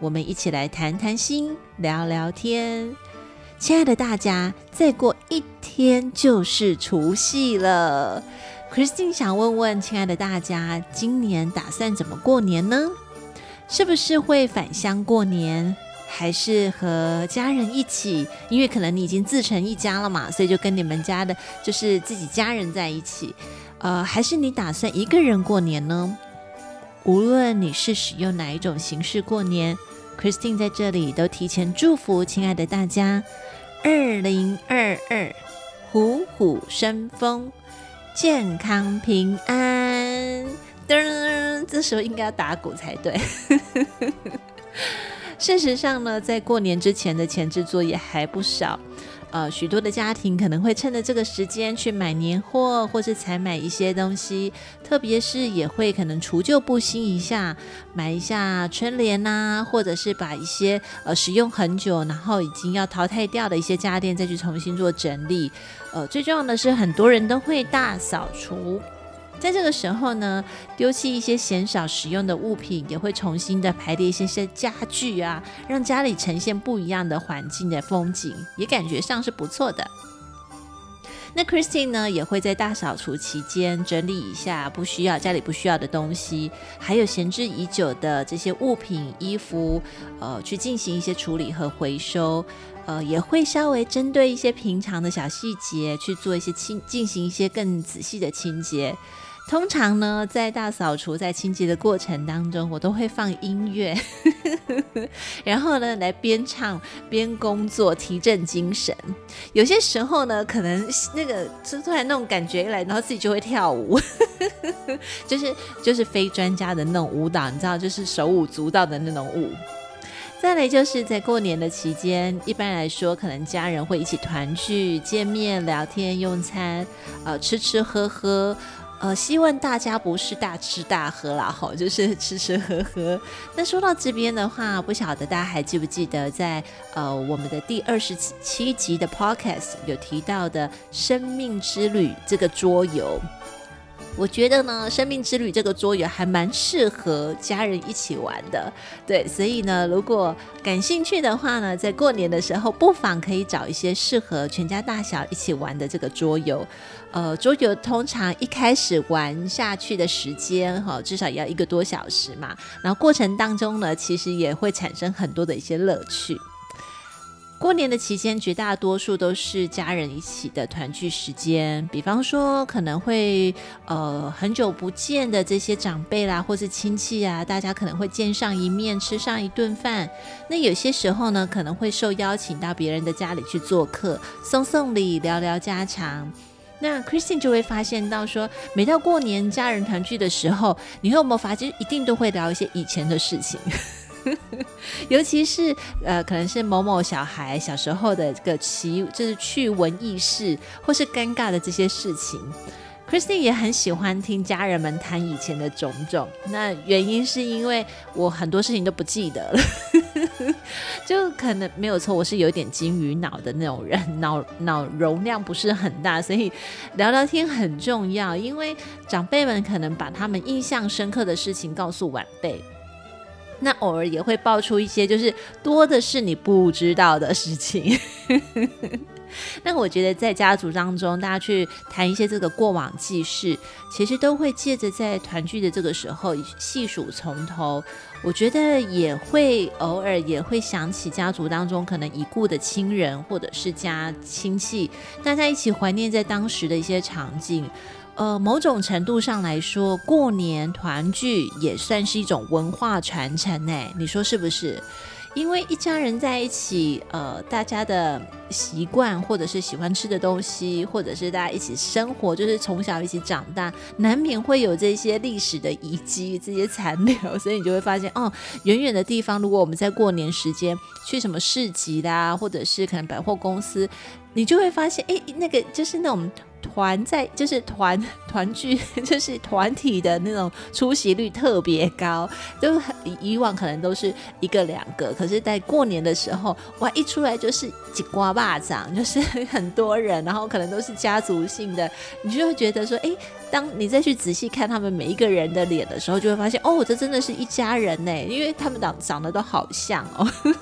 我們一起來談談心，聊聊天。親愛的大家，再過一天就是除夕了。Christine 想問問，親愛的大家，今年打算怎麼過年呢？是不是會返鄉過年，還是和家人一起？因為可能你已經自成一家了嘛，所以就跟你們家的，就是自己家人在一起。呃，還是你打算一個人過年呢？無論你是使用哪一種形式過年，Christine 在這裡都提前祝福親愛的大家，二零二二虎虎生風，健康平安。噔噔，這時候應該要打鼓才對。 事實上呢，在過年之前的前置作業還不少。呃，許多的家庭可能會趁着這個時間去買年貨，或是採買一些東西，特別是也會可能除舊布新一下，買一下春聯吶、啊，或者是把一些呃使用很久，然後已經要淘汰掉的一些家電再去重新做整理。呃，最重要的是，很多人都會大掃除。在這個時候呢，丟棄一些鮮少使用的物品，也會重新的排列一些些家具啊，讓家裡呈現不一樣的環境的風景，也感覺上是不錯的。那 Christine 呢，也會在大掃除期間整理一下不需要家裡不需要的東西，還有閒置已久的這些物品、衣服，呃，去進行一些處理和回收，呃，也會稍微針對一些平常的小細節去做一些清，進行一些更仔細的清潔。通常呢，在大掃除、在清潔的過程當中，我都會放音樂， 然後呢，來邊唱邊工作，提振精神。有些時候呢，可能那個突突然那種感覺一來，然後自己就會跳舞， 就是就是非專家的那種舞蹈，你知道，就是手舞足蹈的那種舞。再來就是在過年的期間，一般來說，可能家人會一起團聚、見面、聊天、用餐，呃，吃吃喝喝。呃，希望大家不是大吃大喝啦，吼，就是吃吃喝喝。那說到這邊的話，不曉得大家還記不記得在呃我們的第二十七集的 Podcast 有提到的《生命之旅》這個桌遊。我覺得呢，生命之旅這個桌遊還蠻適合家人一起玩的，對，所以呢，如果感興趣的話呢，在過年的時候，不妨可以找一些適合全家大小一起玩的這個桌遊。呃，桌遊通常一開始玩下去的時間，哈，至少也要一個多小時嘛，然後過程當中呢，其實也會產生很多的一些樂趣。過年的期間，絕大多數都是家人一起的團聚時間。比方說，可能會呃很久不見的這些長輩啦，或是親戚啊，大家可能會見上一面，吃上一頓飯。那有些時候呢，可能會受邀請到別人的家裡去做客，送送禮，聊聊家常。那 Christine 就會發現到說，每到過年家人團聚的時候，你會有沒有發現，一定都會聊一些以前的事情。 尤其是呃，可能是某某小孩小時候的這個奇，就是趣聞軼事，或是尷尬的這些事情。Christine 也很喜歡聽家人們談以前的種種。那原因是因為我很多事情都不記得了， 就可能，沒有錯，我是有點金魚腦的那種人，腦腦容量不是很大，所以聊聊天很重要。因為長輩們可能把他們印象深刻的事情告訴晚輩。那偶爾也會爆出一些，就是多的是你不知道的事情。 那我覺得在家族當中，大家去談一些這個過往記事，其實都會借着在團聚的這個時候細數從頭。我覺得也會偶爾也會想起家族當中可能已故的親人或者是家親戚，大家一起懷念在當時的一些場景。呃，某種程度上來說，過年團聚也算是一種文化傳承，哎，你說是不是？因為一家人在一起，呃，大家的習慣，或者是喜歡吃的東西，或者是大家一起生活，就是從小一起長大，難免會有這些歷史的遺迹、這些殘留，所以你就會發現，哦，遠遠的地方，如果我們在過年時間去什麼市集啦，或者是可能百貨公司，你就會發現，哎、欸，那個就是那種。團在就是團團聚，就是團體的那種出席率特別高，就很以往可能都是一個兩個，可是，在過年的時候，哇，一出來就是幾瓜巴掌，就是很多人，然後可能都是家族性的，你就會覺得說，哎、欸，當你再去仔細看他們每一個人的臉的時候，就會發現，哦，這真的是一家人呢，因為他們長長得都好像哦。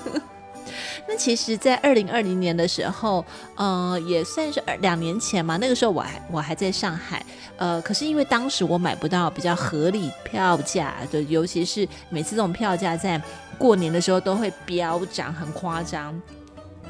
那其實，在二零二零年的時候，嗯、呃，也算是兩年前嘛。那個時候，我還我還在上海，呃，可是因為當時我買不到比較合理票價，就尤其是每次這種票價在過年的時候都會飆漲，很誇張。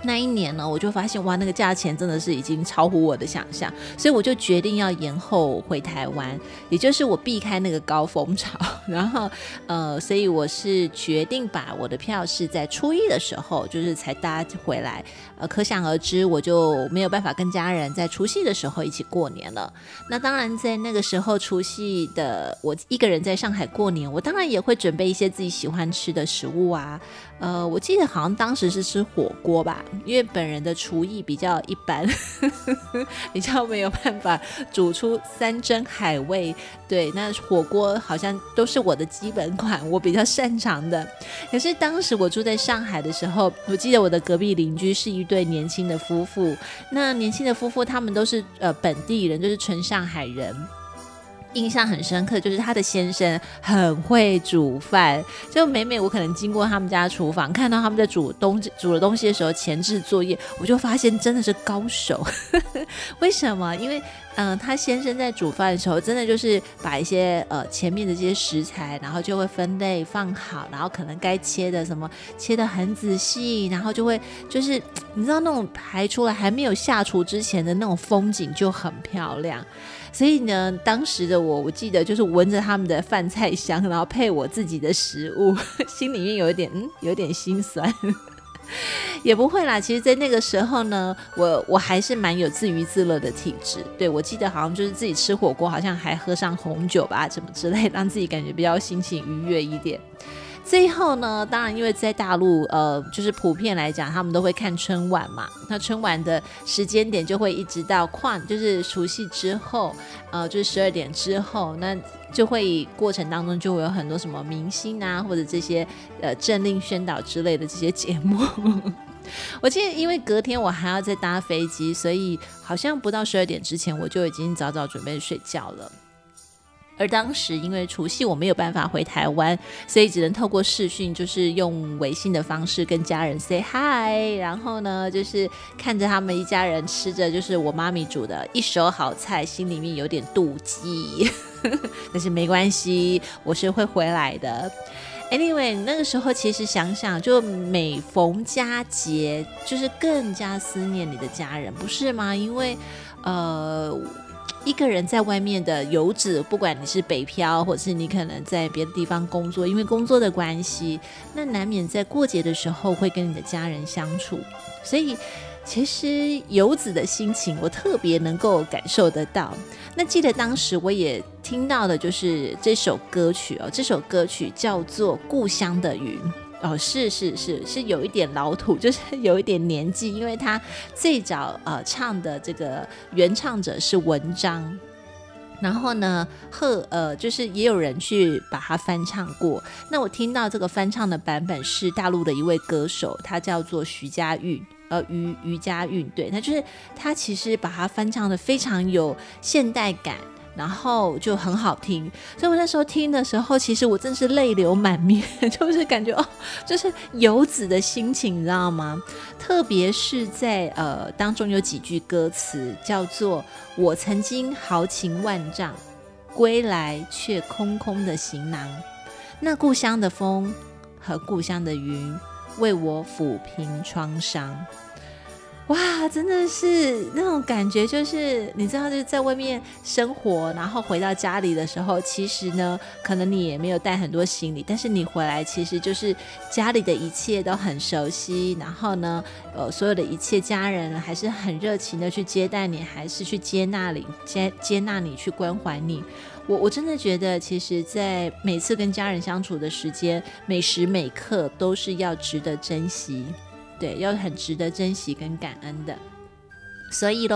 那一年呢，我就發現哇，那個價錢真的是已經超乎我的想象，所以我就決定要延後回台灣，也就是我避開那個高峰潮。然後，呃，所以我是決定把我的票是在初一的時候，就是才搭回來。呃，可想而知，我就沒有辦法跟家人在除夕的時候一起過年了。那當然，在那個時候除夕的我一個人在上海過年，我當然也會準備一些自己喜歡吃的食物啊。呃，我記得好像當時是吃火鍋吧。因為本人的廚藝比較一般呵呵，比較沒有辦法煮出山珍海味。對，那火鍋好像都是我的基本款，我比較擅長的。可是當時我住在上海的時候，我記得我的隔壁鄰居是一對年輕的夫婦。那年輕的夫婦他們都是呃本地人，就是純上海人。印象很深刻，就是她的先生很會煮飯，就每每我可能經過他們家廚房，看到他們在煮東西煮了東西的時候前置作業，我就發現真的是高手， 為什麼？因為。嗯，他先生在煮飯的時候，真的就是把一些呃前面的這些食材，然後就會分類放好，然後可能該切的什麼切得很仔細，然後就會就是你知道那種排出來還沒有下廚之前的那種風景就很漂亮。所以呢，當時的我我記得就是聞着他們的飯菜香，然後配我自己的食物，心裡面有一點嗯有點心酸。也不會啦，其實，在那個時候呢，我我還是蠻有自娛自樂的體質。對，我記得好像就是自己吃火鍋，好像還喝上紅酒吧，什麼之類，讓自己感覺比較心情愉悅一點。最後呢，當然，因為在大陸，呃，就是普遍來講，他們都會看春晚嘛。那春晚的時間點就會一直到跨，就是除夕之後，呃，就是十二點之後，那就會過程當中就會有很多什麼明星啊，或者這些呃政令宣導之類的這些節目。 我記得因為隔天我還要再搭飛機，所以好像不到十二點之前，我就已經早早準備睡覺了。而當時因為除夕我沒有辦法回台灣，所以只能透過視訊，就是用微信的方式跟家人 say hi。然後呢，就是看着他們一家人吃着就是我媽咪煮的一手好菜，心裡面有點妒忌。呵呵，但是沒關係，我是會回來的。Anyway，那個時候其實想想，就每逢佳節，就是更加思念你的家人，不是嗎？因為呃。一個人在外面的遊子，不管你是北漂，或者是你可能在別的地方工作，因為工作的關係，那難免在過節的時候會跟你的家人相處。所以，其實遊子的心情，我特別能夠感受得到。那記得當時我也聽到的就是這首歌曲哦，這首歌曲叫做《故鄉的雲》。哦，是是是是，是是有一點老土，就是有一點年紀，因為他最早呃唱的這個原唱者是文章，然後呢，賀呃就是也有人去把它翻唱過。那我聽到這個翻唱的版本是大陸的一位歌手，他叫做徐佳運，呃，余余佳運，對，那就是他其實把它翻唱得非常有現代感。然後就很好聽，所以我那時候聽的時候，其實我真是淚流滿面，就是感覺哦，就是遊子的心情，你知道嗎？特別是在呃當中有幾句歌詞叫做“我曾經豪情萬丈，歸來卻空空的行囊，那故鄉的風和故鄉的雲為我撫平創傷。”哇，真的是那種感覺，就是你知道，就是在外面生活，然後回到家裡的時候，其實呢，可能你也沒有帶很多行李，但是你回來，其實就是家裡的一切都很熟悉，然後呢，呃、哦，所有的一切，家人還是很熱情的去接待你，還是去接納你，接接納你去關懷你。我我真的覺得，其實，在每次跟家人相處的時間，每時每刻都是要值得珍惜。對，又很值得珍惜跟感恩的，所以嘍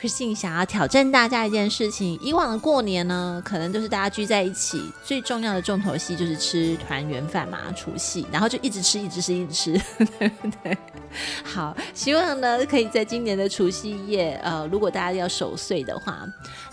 ，Christine 想要挑戰大家一件事情。以往的過年呢，可能都是大家聚在一起，最重要的重頭戲就是吃團圓飯嘛，除夕，然後就一直吃，一直吃，一直吃，對不對？好，希望呢，可以在今年的除夕夜，呃，如果大家要守歲的話，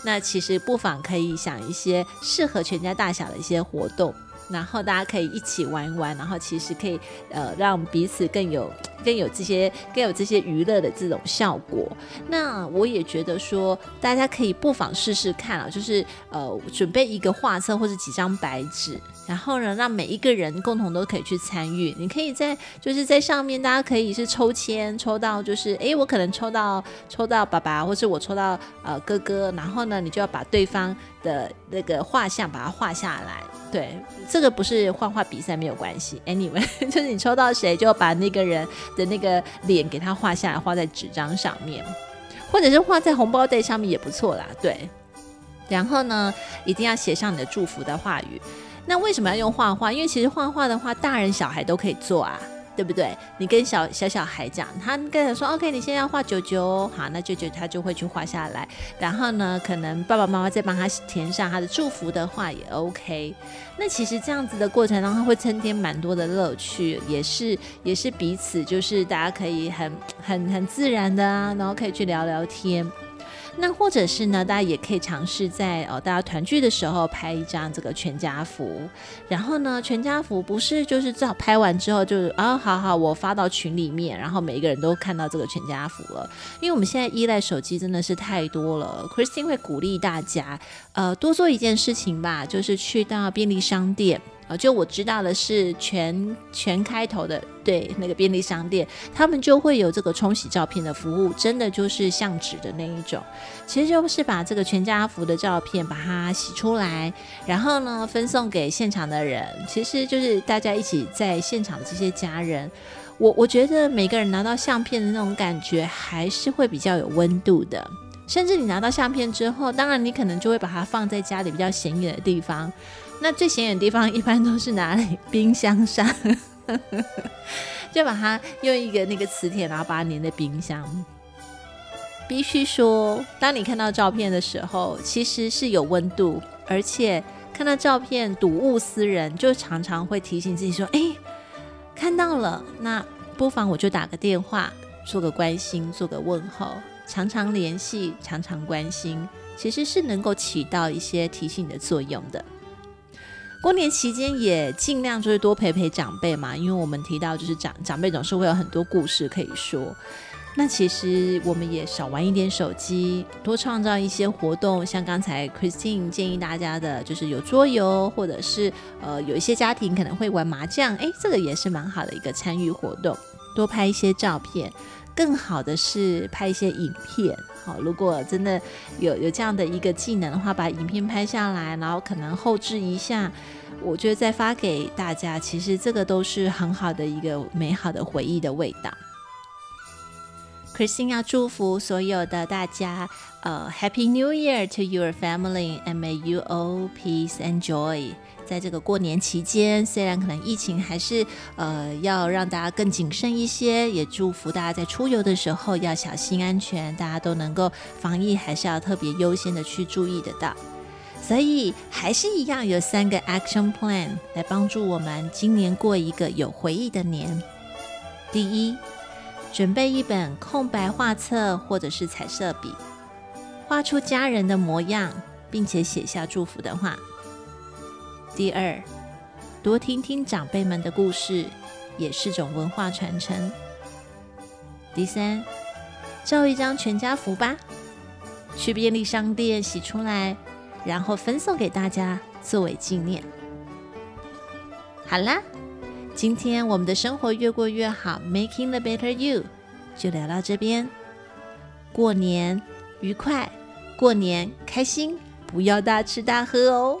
那其實不妨可以想一些適合全家大小的一些活動。然後大家可以一起玩一玩，然後其實可以呃讓彼此更有更有這些更有這些娛樂的這種效果。那我也覺得說，大家可以不妨試試看啊，就是呃準備一個畫冊或是幾張白紙。然後呢，讓每一個人共同都可以去參與。你可以在就是在上面，大家可以是抽籤，抽到就是哎，我可能抽到抽到爸爸，或者我抽到呃哥哥。然後呢，你就要把對方的那個畫像把它畫下來。對，這個不是畫畫比賽，沒有關係。Anyway，就是你抽到誰，就把那個人的那個臉給他畫下來，畫在紙張上面，或者是畫在紅包袋上面也不錯啦。對，然後呢，一定要寫上你的祝福的話語。那為什麼要用畫畫？因為其實畫畫的話，大人小孩都可以做啊，對不對？你跟小小小孩講，他跟他說，OK，你現在要畫舅舅哦，好，那舅舅他就會去畫下來。然後呢，可能爸爸媽媽再幫他填上他的祝福的話，也 OK。那其實這樣子的過程當中，他會增添蠻多的樂趣，也是也是彼此就是大家可以很很很自然的啊，然後可以去聊聊天。那或者是呢，大家也可以嘗試在哦、呃，大家團聚的時候拍一張這個全家福。然後呢，全家福不是就是照拍完之後就啊，好好我發到群裡面，然後每一個人都看到這個全家福了。因為我們現在依賴手機真的是太多了。Christine 會鼓勵大家，呃，多做一件事情吧，就是去到便利商店。啊，就我知道的是全，全開頭的，對，那個便利商店，他們就會有這個沖洗照片的服務，真的就是相紙的那一種，其實就是把這個全家福的照片把它洗出來，然後呢，分送給現場的人，其實就是大家一起在現場的這些家人，我我覺得每個人拿到相片的那種感覺還是會比較有溫度的，甚至你拿到相片之後，當然你可能就會把它放在家裡比較顯眼的地方。那最顯眼的地方一般都是哪裡？冰箱上， 就把它用一個那個磁鐵，然後把它粘在冰箱。必須說，當你看到照片的時候，其實是有溫度，而且看到照片睹物思人，就常常會提醒自己說：“哎、欸，看到了。”那不妨我就打個電話，做個關心，做個問候，常常聯繫，常常關心，其實是能夠起到一些提醒的作用的。過年期間也盡量就是多陪陪長輩嘛，因為我們提到就是長長輩總是會有很多故事可以說。那其實我們也少玩一點手機，多創造一些活動，像剛才 Christine 建議大家的，就是有桌遊，或者是呃有一些家庭可能會玩麻將，哎、欸，這個也是蠻好的一個參與活動，多拍一些照片。更好的是拍一些影片。好，哦，如果真的有有這樣的一個技能的話，把影片拍下來，然後可能後製一下，我覺得再發給大家，其實這個都是很好的一個美好的回憶的味道。Christine 要祝福所有的大家，呃、uh，Happy New Year to your family and may you all peace and joy。在這個過年期間，雖然可能疫情還是，呃，要讓大家更謹慎一些，也祝福大家在出遊的時候要小心安全，大家都能夠防疫，還是要特別優先的去注意得到。所以還是一樣，有三個 action plan 來幫助我們今年過一個有回憶的年。第一，準備一本空白畫冊或者是彩色筆，畫出家人的模樣，並且寫下祝福的話。第二，多聽聽長輩們的故事，也是種文化傳承。第三，照一張全家福吧，去便利商店洗出來，然後分送給大家作為紀念。好啦，今天我們的生活越過越好，Making the better you，就聊到這邊。過年愉快，過年開心，不要大吃大喝哦。